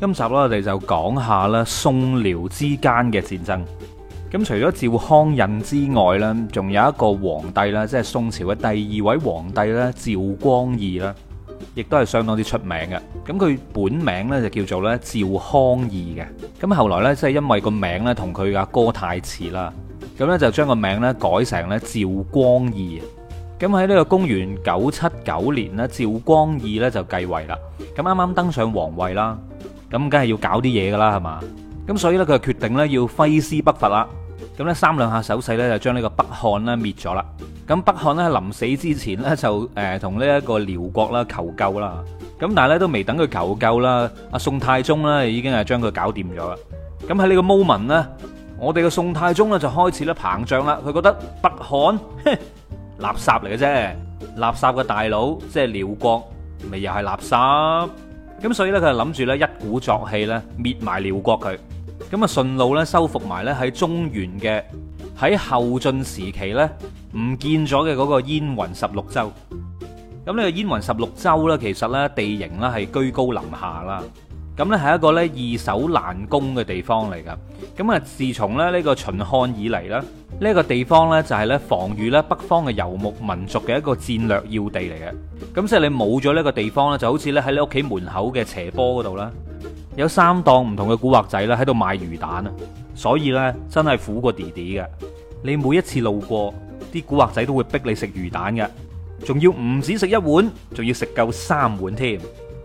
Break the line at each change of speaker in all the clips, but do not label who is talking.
今集啦，我哋就講下啦，宋遼之間嘅戰爭。咁除咗趙匡胤之外咧，仲有一個皇帝啦，即係宋朝嘅第二位皇帝啦，趙光義啦，亦都係相當之出名嘅。咁佢本名咧就叫做咧趙匡義嘅。咁後來呢，即係因為個名咧同佢阿哥太似啦，咁呢就將個名咧改成咧趙光義。咁喺呢個公元九七九年咧，趙光義咧就繼位啦。咁啱啱登上皇位啦。咁梗係要搞啲嘢㗎啦，係嘛？咁所以咧，佢就決定咧要揮師北伐啦。咁咧三兩下手勢咧就將呢個北漢咧滅咗啦。咁北漢咧喺臨死之前咧就誒同呢一個遼國啦求救啦。咁但係咧都未等佢求救啦，阿宋太宗咧已經係將佢搞掂咗啦。咁喺呢個 moment 呢，我哋嘅宋太宗咧就開始咧膨脹啦。佢覺得北漢，哼，垃圾嚟嘅啫，垃圾嘅大佬即係遼國，咪又係垃圾。咁所以呢，佢就諗住呢，一鼓作氣呢，滅埋遼國佢，咁啊順路呢，收復埋呢，喺中原嘅喺後晉時期呢，唔見咗嘅嗰個燕雲十六州。咁、這、呢個燕雲十六州呢，其實呢，地形呢，係居高臨下啦。咁呢係一個呢易守難攻嘅地方嚟噶。咁啊，自從咧呢個秦漢以嚟呢，呢個地方呢就係呢防禦呢北方嘅遊牧民族嘅一個戰略要地嚟嘅。咁即係你冇咗呢個地方呢，就好似呢喺你屋企門口嘅斜坡嗰度啦，有三檔唔同嘅古惑仔啦喺度賣魚蛋啊。所以呢，真係苦過弟弟嘅。你每一次路過，啲古惑仔都會逼你食魚蛋嘅，仲要唔止食一碗，仲要食夠三碗添。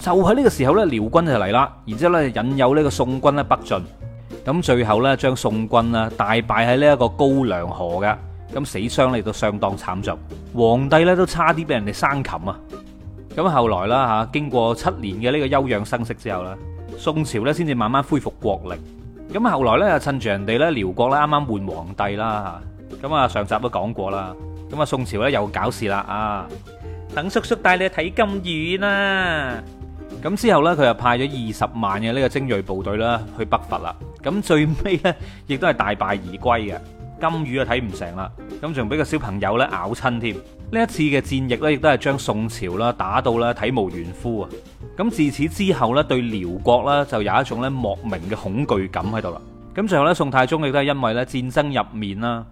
就喺呢個時候咧，遼軍就嚟啦，然之後咧引誘呢個宋軍咧北進，咁最後咧將宋軍咧大敗喺呢一個高梁河嘅，咁死傷咧亦都相當慘重，皇帝咧都差啲俾人哋生擒啊。咁後來啦吓，經過七年嘅呢個休養生息之後咧，宋朝咧先至慢慢恢復國力。咁後來咧趁住人哋咧遼國咧啱啱換皇帝啦吓，咁啊上集都講過啦，咁啊宋朝咧又搞事啦啊，等叔叔帶你去睇金魚啦。咁之後呢，佢又派咗二十萬嘅呢個精銳部隊啦，去北伐啦。咁最尾呢，亦都係大敗而歸嘅。金魚啊睇唔成啦，咁仲俾個小朋友咧咬親添。呢一次嘅戰役呢，亦都係將宋朝啦打到啦體無完膚啊！咁自此之後呢，對遼國啦就有一種咧莫名嘅恐懼感喺度啦。咁最後呢，宋太宗亦都係因為咧戰爭入面啦，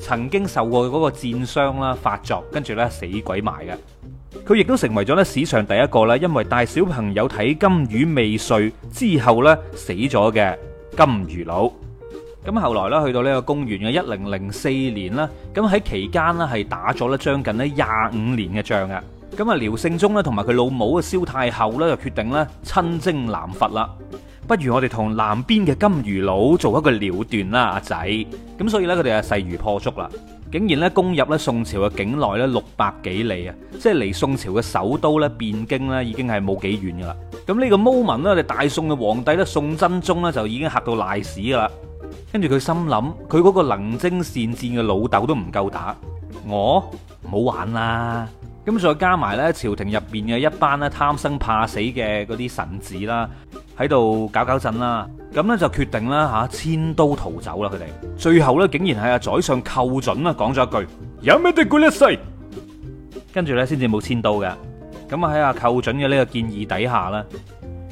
曾經受過嗰個戰傷啦發作，跟住咧死鬼埋嘅。佢亦都成為咗咧史上第一個咧，因為帶小朋友睇金魚未睡之後咧死咗嘅金魚佬。咁後來咧去到呢個公元嘅一零零四年啦，咁喺期間呢，係打咗咧將近呢廿五年嘅仗啊。咁啊，遼聖宗咧同埋佢老母啊蕭太后咧就決定咧親征南伐啦。不如我哋同南邊嘅金魚佬做一個了斷啦，阿仔。咁所以咧佢哋啊勢如破竹啦。竟然咧攻入咧宋朝嘅境內咧六百幾里啊，即係離宋朝嘅首都咧汴京咧已經係冇幾遠噶啦。咁、這、呢個 moment 呢，我哋大宋嘅皇帝咧宋真宗咧就已經嚇到賴屎噶啦。跟住佢心諗，佢嗰個能征善戰嘅老豆都唔夠打，我唔好玩啦。咁再加埋咧，朝廷入邊嘅一班咧貪生怕死嘅嗰啲臣子啦，喺度搞搞震啦，咁咧就決定啦吓，遷都逃走啦佢哋，最後咧竟然係阿宰相寇準啦講咗一句，有咩敵管一世，跟住咧先至冇遷都嘅，咁啊喺阿寇準嘅呢個建議底下啦，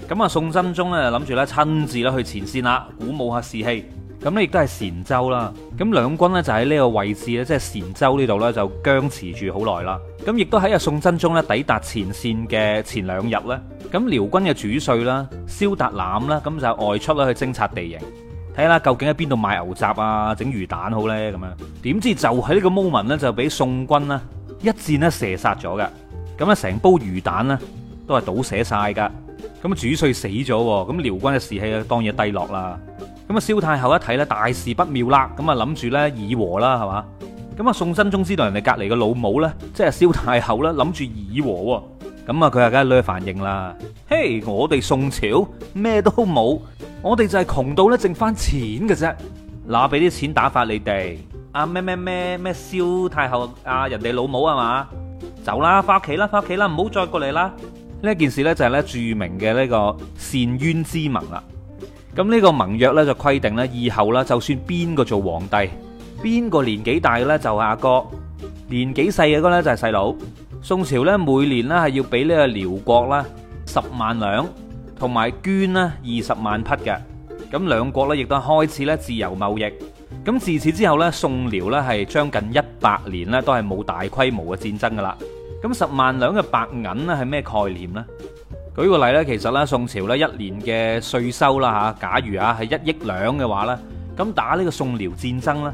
咁啊宋真宗咧諗住咧親自咧去前線啦，鼓舞下士氣。咁亦都係澶州啦，咁兩軍呢就喺呢個位置咧，即係澶州呢度呢，就僵持住好耐啦。咁亦都喺啊宋真宗呢抵達前線嘅前兩日呢，咁遼軍嘅主帥啦蕭達覽啦，咁就外出啦去偵察地形，睇下究竟喺邊度買牛雜啊，整魚蛋好呢。咁樣。點知就喺呢個 moment 呢，就俾宋軍呢一箭呢射殺咗㗎。咁咧成煲魚蛋呢，都係倒瀉晒噶，咁主帥死咗，咁遼軍嘅士氣啊當然低落啦。咁啊，蕭太后一睇咧，大事不妙啦！咁啊，諗住咧議和啦，係嘛？咁啊，宋真宗知道人哋隔籬嘅老母咧，即係蕭太后啦，諗住議和喎。咁啊，佢啊梗係攞反應啦。嘿、hey,，我哋宋朝咩都冇，我哋就係窮到咧剩翻錢嘅啫。嗱，俾啲錢打發你哋。啊！咩咩咩咩蕭太后啊，人哋老母係嘛？走啦，翻屋企啦，翻屋企啦，唔好再過嚟啦。呢一件事咧就係、是、咧著名嘅呢個澶淵之盟啦。咁呢個盟約咧就規定咧，以後呢，就算邊個做皇帝，邊個年紀大嘅咧就阿哥、哥，年紀細嘅嗰咧就係細佬。宋朝咧每年咧係要俾呢個遼國啦十萬兩，同埋絹啦二十萬匹嘅。咁兩國咧亦都開始咧自由貿易。咁自此之後咧，宋遼咧係將近一百年咧都係冇大規模嘅戰爭噶啦。咁十萬兩嘅白銀咧係咩概念呢？舉個例咧，其實咧宋朝咧一年嘅稅收啦嚇，假如啊係一億兩嘅話咧，咁打呢個宋遼戰爭咧，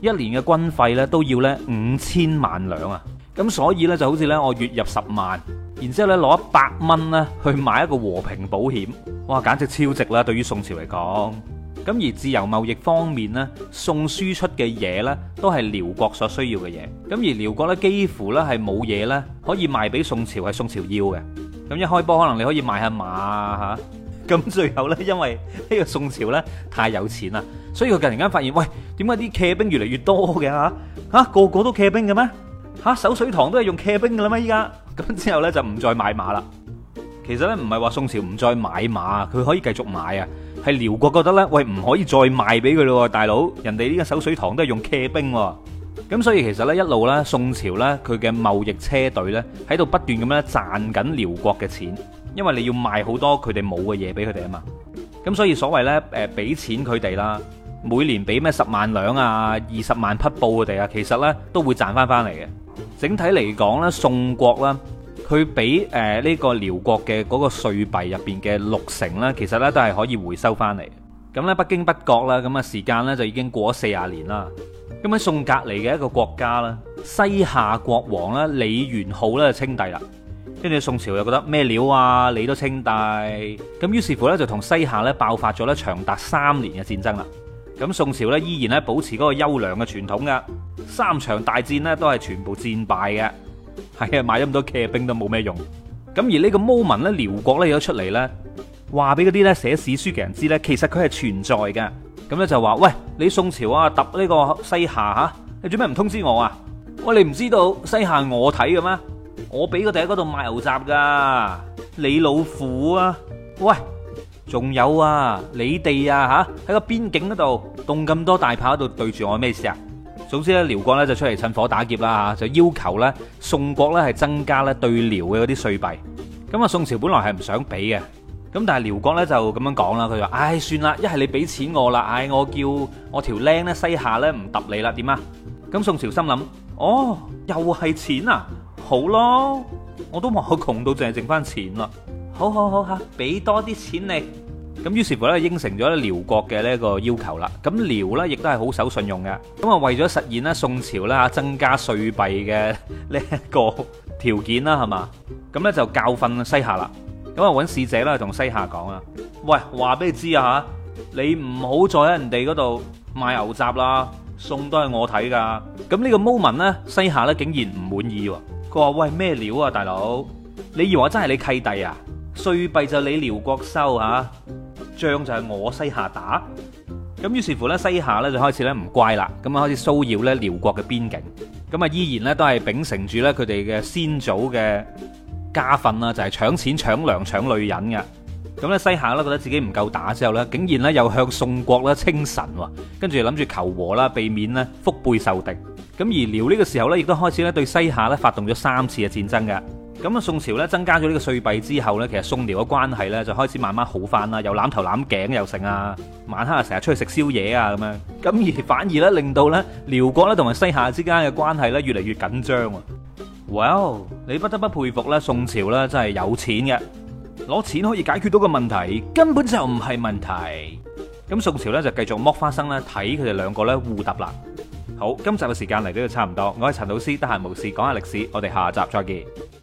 一年嘅軍費咧都要咧五千萬兩啊！咁所以咧就好似咧我月入十萬，然之後咧攞一百蚊咧去買一個和平保險，哇！簡直超值啦！對於宋朝嚟講，咁而自由貿易方面咧，宋輸出嘅嘢咧都係遼國所需要嘅嘢，咁而遼國咧幾乎咧係冇嘢咧可以賣俾宋朝，係宋朝要嘅。咁一開波可能你可以買下馬吓，咁最後呢因為呢個宋朝呢太有錢啦，所以佢突然間發現喂，點解啲騎兵越嚟越多嘅？吓，吓個個都騎兵嘅咩吓？守水塘都係用騎兵嘅啦咩依家？咁之後呢就唔再買馬啦。其實呢唔係話宋朝唔再買馬，佢可以繼續買啊。係遼國覺得呢，喂，唔可以再賣俾佢咯，大佬，人哋呢個守水塘都係用騎兵。咁所以其實呢一路呢，宋朝呢，佢嘅貿易車隊呢，喺度不斷咁樣賺緊遼國嘅錢，因為你要賣好多佢哋冇嘅嘢俾佢哋啊嘛。咁所以所謂呢，誒俾錢佢哋啦，每年俾咩十萬兩啊、二十萬匹布佢哋啊，其實呢都會賺翻翻嚟嘅。整體嚟講呢，宋國啦，佢俾呢個遼國嘅嗰個稅幣入面嘅六成呢，其實呢都係可以回收翻嚟。咁咧，不經不覺啦，咁啊時間咧就已經過咗四十年啦。咁喺宋隔離嘅一個國家啦，西夏國王咧李元昊咧就稱帝啦。跟住宋朝又覺得咩料啊，你都稱帝，咁於是乎咧就同西夏咧爆發咗咧長達三年嘅戰爭啦。咁宋朝咧依然咧保持嗰個優良嘅傳統噶，三場大戰咧都係全部戰敗嘅。係啊，買咗咁多騎兵都冇咩用。咁而呢個 moment 咧，遼國咧有出嚟咧。話俾嗰啲咧寫史書嘅人知咧，其實佢係存在嘅。咁咧就話：，喂，你宋朝啊，揼呢個西夏吓，你做咩唔通知我啊？喂，你唔知道西夏我睇嘅咩？我俾佢哋喺度賣牛雜噶，你老虎啊？喂，仲有啊，你哋啊吓，喺個邊境嗰度動咁多大炮喺度對住我，咩事啊？總之咧，遼國咧就出嚟趁火打劫啦吓，就要求咧宋國咧係增加咧對遼嘅嗰啲稅幣。咁啊，宋朝本來係唔想俾嘅。咁但係遼國咧就咁樣講啦，佢就：哎「唉，算啦，一係你俾錢我啦，唉、哎，我叫我條僆咧西夏咧唔揼你啦，點啊？咁宋朝心諗：哦，又係錢啊，好咯，我都話我窮到淨係剩翻錢啦。好好好嚇、啊，俾多啲錢你。咁於是乎咧應承咗遼國嘅呢個要求啦。咁遼呢，亦都係好守信用嘅。咁啊為咗實現呢宋朝啦增加歲幣嘅呢一個條件啦，係嘛？咁咧就教訓西夏啦。咁啊，揾使者啦，同西夏講啊，喂，話俾你知啊吓，你唔好再喺人哋嗰度賣牛雜啦，送都係我睇噶。咁呢個 moment 呢，西夏呢竟然唔滿意，佢話喂，咩料啊，大佬，你以為真係你契弟啊？歲幣就你遼國收啊，仗就係我西夏打。咁於是乎呢，西夏呢就開始呢唔乖啦，咁啊開始騷擾呢遼國嘅邊境。咁啊依然呢都係秉承住呢佢哋嘅先祖嘅。家訓啦，就係搶錢、搶糧、搶女人嘅。咁咧西夏咧覺得自己唔夠打之後咧，竟然咧又向宋國咧稱臣喎，跟住諗住求和啦，避免咧腹背受敵。咁而遼呢個時候咧，亦都開始咧對西夏咧發動咗三次嘅戰爭嘅。咁啊宋朝咧增加咗呢個歲幣之後咧，其實宋遼嘅關係咧就開始慢慢好翻啦，又攬頭攬頸又成啊，晚黑啊成日出去食宵夜啊咁樣。咁而反而咧令到咧遼國咧同埋西夏之間嘅關係咧越嚟越緊張啊。哇！Wow，你不得不佩服啦，宋朝啦真係有錢嘅，攞錢可以解決到個問題根本就唔係問題。咁宋朝咧就繼續剝花生啦，睇佢哋兩個咧互耷啦。好，今集嘅時間嚟到就差唔多，我係陳老師，得閒無事講下歷史，我哋下集再見。